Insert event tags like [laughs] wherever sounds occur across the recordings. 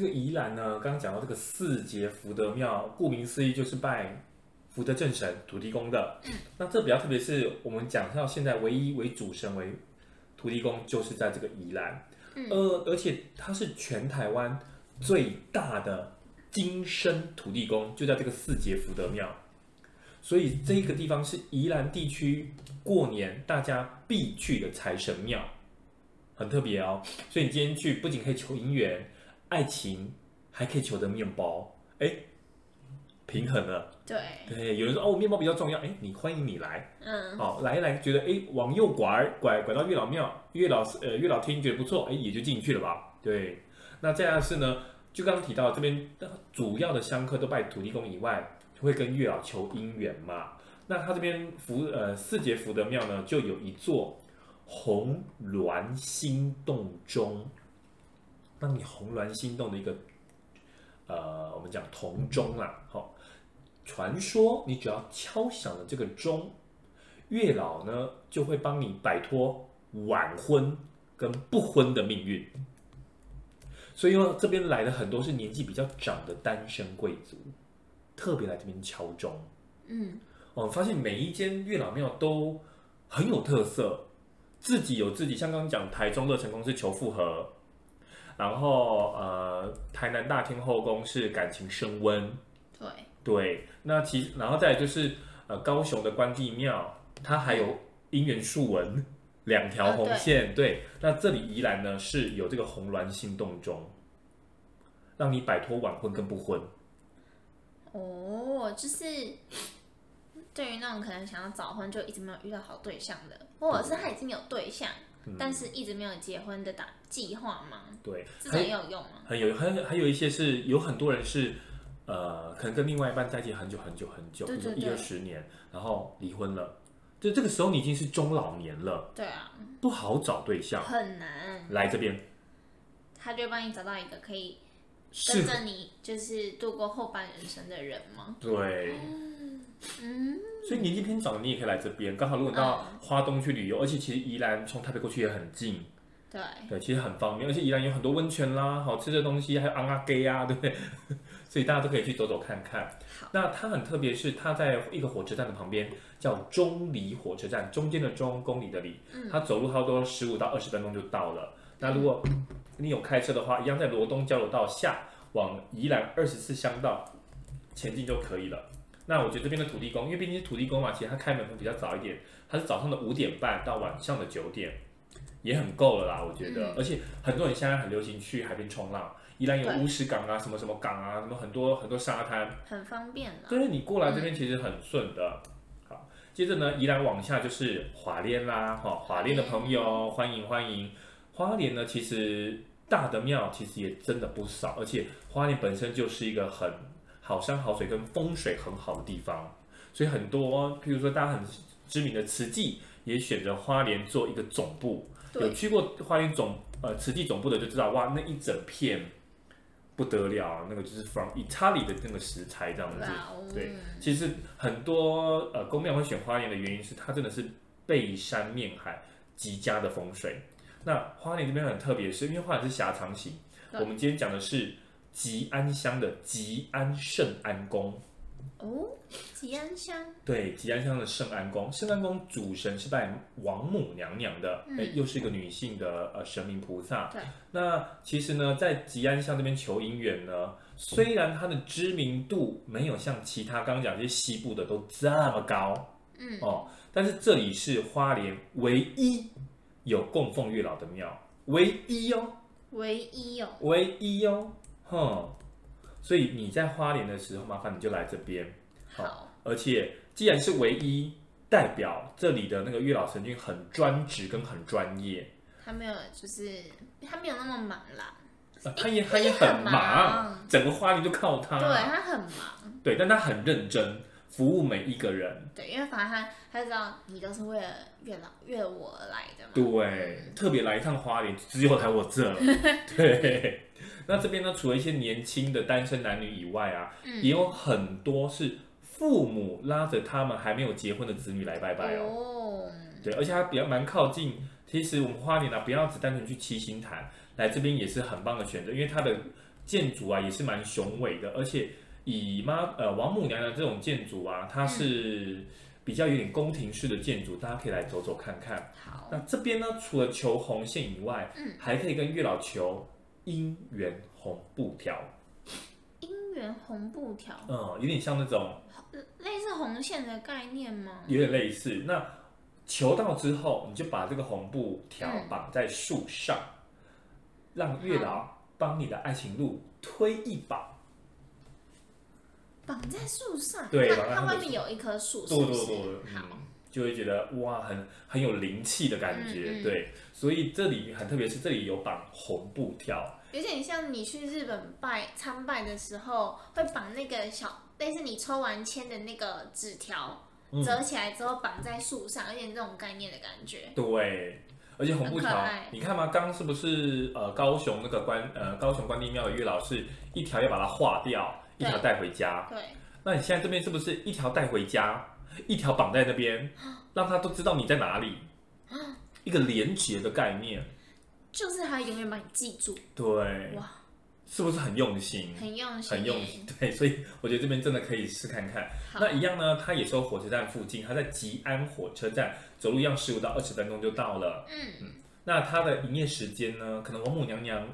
這個宜蘭呢，剛剛講到這個四結福德廟，顧名思義就是拜福德正神土地公的。嗯、那這比較特別，是我們講到現在唯一為主神為土地公，就是在這個宜蘭。呃，而且它是全台灣最大的金身土地公，就在這個四結福德廟。所以這個地方是宜蘭地區過年大家必去的財神廟，很特別哦。所以你今天去，不僅可以求姻緣。愛情還可以求得麵包，誒平衡了。嗯、對對，有人說哦，麵包比較重要，哎，你歡迎你來，嗯，好、哦、來來，覺得哎，往右拐，拐拐到月老廟，月老呃月老天覺得不錯，哎，也就進去了吧。對，那這樣是呢，就剛剛提到這邊主要的香客都拜土地公以外，會跟月老求姻緣嘛。那他這邊福呃四節福德廟呢，就有一座紅鸞星動鐘。當你紅鸞心動的一個，呃，我們講銅鐘啦，吼、哦、傳說你只要敲響了這個鐘，月老呢就會幫你擺脫晚婚跟不婚的命運。所以，這邊來的很多是年紀比較長的單身貴族，特別來這邊敲鐘。嗯，我、哦、發現每一間月老廟都很有特色，自己有自己。像剛剛講，台中樂成宮是求復合。然後呃，台南大天後宮是感情升溫，對對，那其然後再來就是呃高雄的關帝廟，它還有姻緣樹紋兩條紅線，啊、對，對，那這裡宜然呢是有這個紅鸞心動中讓你擺脫晚婚跟不婚。哦，就是對於那種可能想要早婚就一直沒有遇到好對象的，或者是他已經有對象。嗯但是一直沒有結婚的打計劃嗎、嗯。對，這個很有用啊，很有用，很還有一些是有很多人是，呃，可能跟另外一半在一起很久很久很久，對對對，一二十年，然後離婚了，就這個時候你已經是中老年了，對啊，不好找對象，很難來這邊，他就幫你找到一個可以跟着你就是度過後半人生的人嗎？對。嗯，所以年紀偏小的你也可以來這邊，剛好如果到花東去旅遊，嗯、而且其實宜蘭從台北過去也很近，對，對，其實很方便，而且宜蘭有很多溫泉啦，好吃的東西，還有安阿街甕仔雞呀，對不對？所以大家都可以去走走看看。好那它很特別，是它在一個火車站的旁邊，叫中里火車站，中間的中，公里的里，嗯、它走路差不多十五到二十分鐘就到了。嗯、那如果你有開車的話，一樣在羅東交流道下，往宜蘭二十四鄉道前進就可以了。那我覺得這邊的土地公，因為畢竟是土地公嘛，其實他開門比較早一點，它是早上的五點半到晚上的九點，也很夠了啦，我覺得。嗯、而且很多人現在很流行去海邊衝浪，宜蘭有烏石港啊，對什麼什麼港啊，什麼很多很多沙灘，很方便的。所以你過來這邊其實很順的。嗯、好，接着呢，宜蘭往下就是花蓮啦，哈、哦，花蓮的朋友歡迎歡迎。花蓮呢，其實大的廟其實也真的不少，而且花蓮本身就是一個很。好山好水跟風水很好的地方，所以很多，譬如說大家很知名的慈濟也選擇花蓮做一個總部。對有去過花蓮總呃慈濟總部的就知道，哇，那一整片不得了啊，那個就是 from Italy 的那個石材這樣子。Wow. 對，其實很多呃宮廟會選花蓮的原因是它真的是背山面海，極佳的風水。那花蓮這邊很特別是，是因為花蓮是狹長型。Oh. 我們今天講的是。吉安鄉的吉安聖安宮，哦，吉安鄉，對，吉安鄉的聖安宮。聖安宮主神是拜王母娘娘的，嗯欸、又是一個女性的呃神明菩薩。對那其實呢，在吉安鄉這邊求姻緣呢，雖然它的知名度沒有像其他剛剛講這些西部的都這麼高，嗯哦，但是這裡是花蓮唯一有供奉月老的廟，唯一哦，唯一哦，唯一哦。嗯，所以你在花蓮的時候，麻煩你就來這邊。好，而且既然是唯一代表這裡的那個月老神君很專職跟很專業。他沒有，就是他沒有那麼忙啦。啊、他也他也很忙，欸、很整個花蓮就靠他。對，他很忙。對，但他很認真。服務每一個人，對，因為反正他他知道你都是為了月老，月我而來的嘛。對，嗯、特別來一趟花蓮，只有來我這。 [laughs] 對，那這邊呢，除了一些年輕的單身男女以外啊，嗯、也有很多是父母拉着他們還沒有結婚的子女來拜拜哦。哦對，而且它比較蠻靠近。其實我們花蓮呢、啊，不要只單純去七星潭，來這邊也是很棒的選擇，因為它的建築啊也是蠻雄偉的，而且。以媽，呃，王母娘娘這種建築啊，它是比較有點宮廷式的建築，嗯、大家可以來走走看看。好，那這邊呢，除了求紅線以外，嗯、還可以跟月老求姻緣紅布條。姻緣紅布條，嗯，有點像那種類似紅線的概念嗎？有點類似。那求到之後，你就把這個紅布條綁在樹上，嗯、讓月老幫你的愛情路推一把。綁在樹上，對，它外面有一棵樹是不是？對對對，對好、嗯，就會覺得哇，很很有靈氣的感覺，嗯嗯對，所以這裡很特別，是這裡有綁紅布條，有點像你去日本拜參拜的時候會綁那個小，但是你抽完籤的那個紙條，嗯、折起來之後綁在樹上，有點這種概念的感覺，對，而且紅布條，你看嘛，剛剛是不是呃高雄那個關呃高雄關帝廟的月老是一條要把它劃掉。一條帶回家，對，對那你現在這邊是不是一條帶回家，一條綁在這邊，讓他都知道你在哪裡，哈一個連結的概念，就是他永遠把你記住，對，哇是不是很用心？很用心，很用心，對，所以我覺得這邊真的可以試看看。好那一樣呢，它也是有火車站附近，它在吉安火車站，走路一樣十五到二十分鐘就到了。嗯，嗯那它的營業時間呢？可能王母娘娘。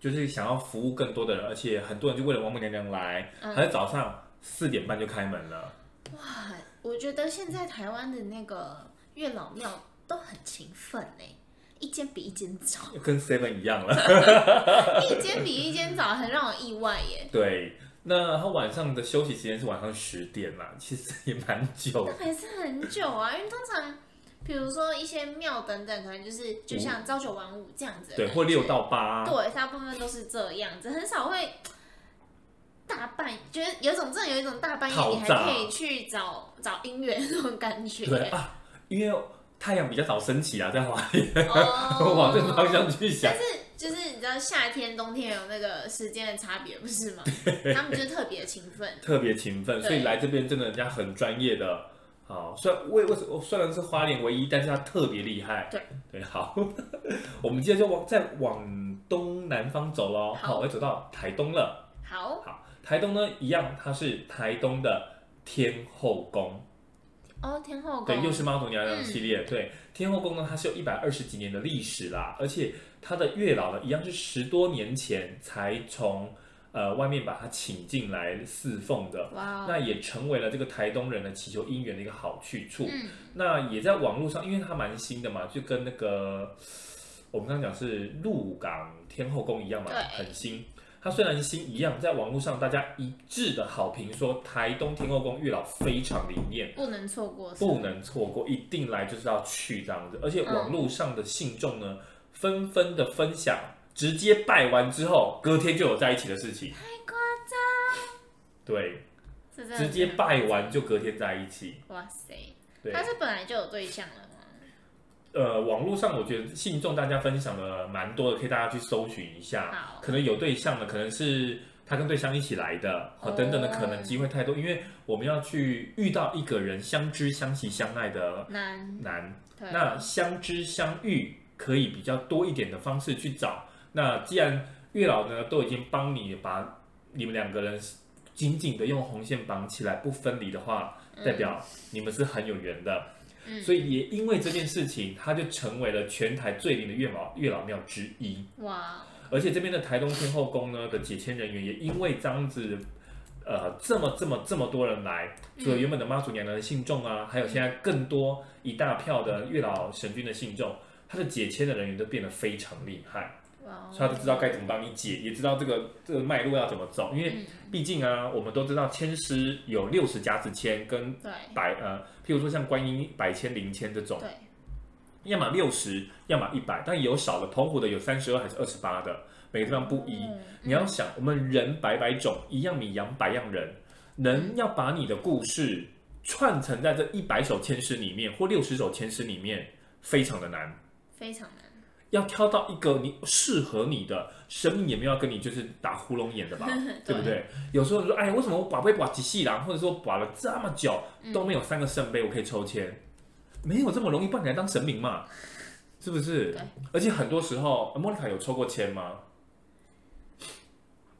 就是想要服務更多的人，而且很多人就為了王母娘娘來，嗯、還是早上四點半就開門了。哇，我覺得現在台灣的那個月老廟都很勤奮、欸、一間比一間早，跟 Seven 一樣了。 [laughs] 一間比一間早，很讓我意外耶、欸。對，那他晚上的休息時間是晚上十點啦，其實也蠻久。特別是很久啊，因為通常。比如說一些廟等等，可能就是就像朝九晚五這樣子、嗯。對，或六到八、啊。對，大部分都是這樣子，很少會大半夜。覺得有一種真的有一種大半夜炸你還可以去找找姻緣那種感覺。對、啊、因為太陽比較早升起啊，在花蓮。 [laughs] oh, [laughs] 我往這個方向去想。但是就是你知道，夏天冬天有那個時間的差別，不是嗎？對他們就特別勤奮，特別勤奮，對所以來這邊真的人家很專業的。好，雖然為為什麼雖然是花蓮唯一，但是它特別厲害。對對，好， [laughs] 我們接着就往再往東南方走咯。好，我要走到台東了。好，好，台東呢一樣，它是台東的天後宮。哦，天後宮。對，又是媽祖娘娘系列。嗯、對，天後宮呢，它是有一百二十幾年的歷史啦，而且它的月老呢，一樣是十多年前才從。呃，外面把他請進來侍奉的，Wow 那也成為了這個台東人的祈求姻緣的一個好去處。嗯、那也在網絡上，因為它蠻新的嘛，就跟那個我們剛剛講是鹿港天後宮一樣嘛，對很新。它雖然新一樣，在網絡上大家一致的好評說台東天後宮月老非常靈驗，不能錯過，不能錯過，一定來就是要去這樣子。而且網絡上的信眾呢，嗯、紛紛的分享。直接拜完之後，隔天就有在一起的事情，太誇張。對，直接拜完就隔天在一起。哇塞，對他是本來就有對象了嗎？呃，網絡上我覺得信眾大家分享的蠻多的，可以大家去搜尋一下。好可能有對象的，可能是他跟對象一起來的，好哦，等等的，可能機會太多。因為我們要去遇到一個人，相知相惜相愛的難難。對。那相知相遇可以比較多一點的方式去找。那既然月老呢都已經幫你把你們兩個人緊緊的用紅線綁起來不分離的話，代表你們是很有緣的。嗯，所以也因為這件事情，他就成為了全台最靈的月老月老廟之一。哇！而且這邊的台東天後宮呢的解籤人員也因為這樣子，呃，這麼這麼這麼多人來，所以原本的媽祖娘娘的信眾啊，嗯，還有現在更多一大票的月老神君的信眾，嗯，他的解籤的人員都變得非常厲害。所以他都知道該怎麼幫你解，oh, 也知道這個這個脈絡要怎麼走，因為畢竟啊，嗯、我們都知道籤詩有六十甲子籤跟百對呃，譬如說像觀音百籤靈籤這種，對，要麼六十，要麼一百，但有少的，同譜的有三十二還是二十八的，每個地方不一。Oh, 你要想，嗯、我們人百百種，一樣米養百樣人，能要把你的故事串成在這一百首籤詩裡面，或六十首籤詩裡面，非常的難，非常難。要挑到一個你適合你的神明，也沒有要跟你就是打呼嚕眼的吧， [laughs] 對，對不對？有時候說，哎，為什麼我把被把吉細郎，或者說把了這麼久都沒有三個聖杯，我可以抽籤，嗯、沒有這麼容易，不然你來當神明嘛，是不是？對。而且很多時候，莫妮卡有抽過籤嗎？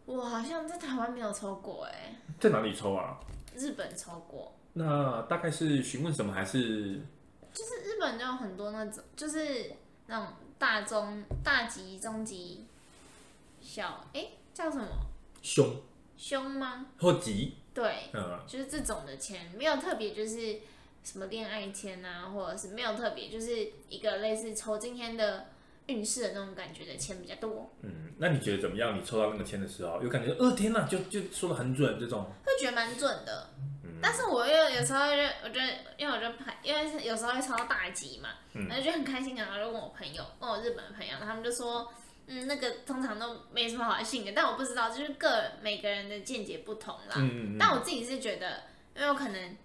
我好像在台灣沒有抽過、欸，哎。在哪裡抽啊？日本抽過。那大概是詢問什麼？還是？就是日本就有很多那種，就是那種。大中大吉、中吉、小，哎叫什麼？凶，凶嗎？或吉？對，嗯啊、就是這種的籤，沒有特別，就是什麼戀愛籤啊，或者是沒有特別，就是一個類似抽今天的運勢的那種感覺的籤比較多。嗯，那你覺得怎麼樣？你抽到那個籤的時候，有感覺？呃、哦，天吶，就就說得很準這種，會覺得蠻準的。但是我又有時候就我覺得，因為我就怕，因為有時候會抽到大吉嘛，然後就很開心。然後就問我朋友，問我日本的朋友，他們就說，嗯，那個通常都沒什麼好運氣的，但我不知道，就是各每個人的見解不同啦。但我自己是覺得，因為我可能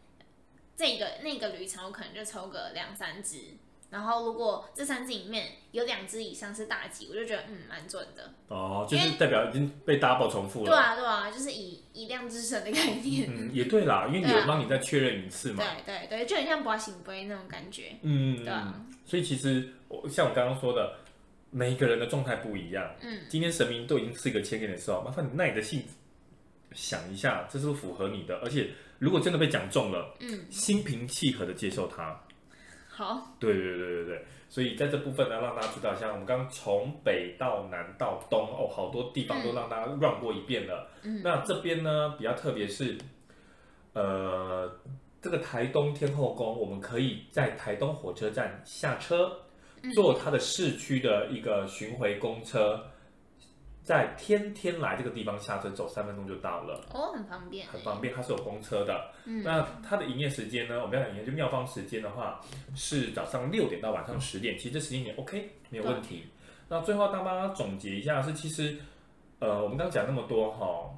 這個那個旅程，我可能就抽個兩三支。然後，如果這三只裡面有兩只以上是大吉，我就覺得嗯，蠻準的。哦，就是代表已經被 double 重複了。對啊，對啊，就是以以量制勝的概念嗯。嗯，也對啦，因為有人幫你再確認一次嘛對、啊。對對對，就很像刮幸運杯那種感覺。嗯，對、啊。所以其實我像我剛剛說的，每一個人的狀態不一樣。嗯。今天神明都已經賜個籤給你的時候，麻煩你耐你的性子想一下，這是不是符合你的。而且如果真的被講中了，嗯，心平氣和的接受它。好，對對對對對，所以在這部分呢，讓大家知道一下，像我們剛剛從北到南到東，哦，好多地方都讓大家 run 過一遍了。嗯、那這邊呢，比較特別是，呃，這個台東天後宮，我們可以在台東火車站下車，坐它的市區的一個巡迴公車。嗯嗯在天天來這個地方下車，走三分鐘就到了。哦，oh, 很方便，很方便。它是有公車的。嗯。那它的營業時間呢？我們要研究妙方時間的話，是早上六點到晚上十點。嗯、其實這時間也 OK，沒有問題。對那最後大媽總結一下是：其實，呃，我們剛剛講那麼多哈，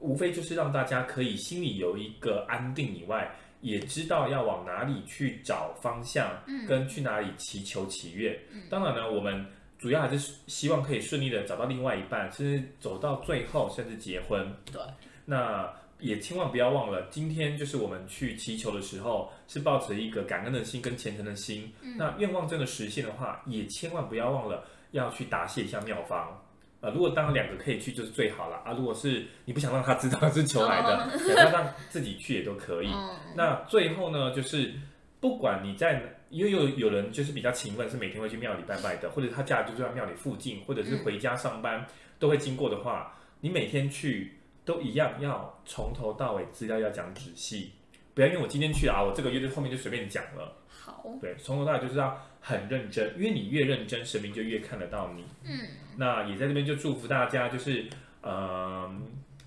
無非就是讓大家可以心裡有一個安定以外，也知道要往哪裡去找方向，嗯、跟去哪裡祈求祈願。嗯、當然呢，我們。主要還是希望可以順利的找到另外一半，甚至走到最後，甚至結婚。對，那也千萬不要忘了，今天就是我們去祈求的時候，是抱持一個感恩的心跟虔誠的心。嗯、那願望真的實現的話，也千萬不要忘了要去答謝一下廟方。呃，如果當兩個可以去，就是最好了啊。如果是你不想讓他知道他是求來的，哦、想要讓他自己去也都可以。嗯、那最後呢，就是不管你在因為有有人就是比較勤奮，是每天會去廟裡拜拜的，或者他家就在廟裡附近，或者是回家上班、嗯、都會經過的話，你每天去都一樣，要從頭到尾資料要講仔細，不要因為我今天去了啊，我這個月就後面就隨便講了。好，對，從頭到尾就是要很認真，因為你越認真，神明就越看得到你。嗯，那也在這邊就祝福大家，就是嗯、呃，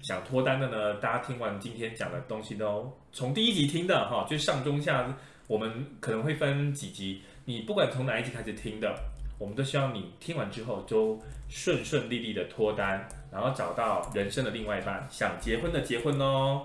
想脫單的呢，大家聽完今天講的東西都從第一集聽的哈，就上中下。我們可能會分幾集，你不管從哪一集開始聽的，我們都希望你聽完之後就順順利利的脫單，然後找到人生的另外一半，想結婚的結婚哦。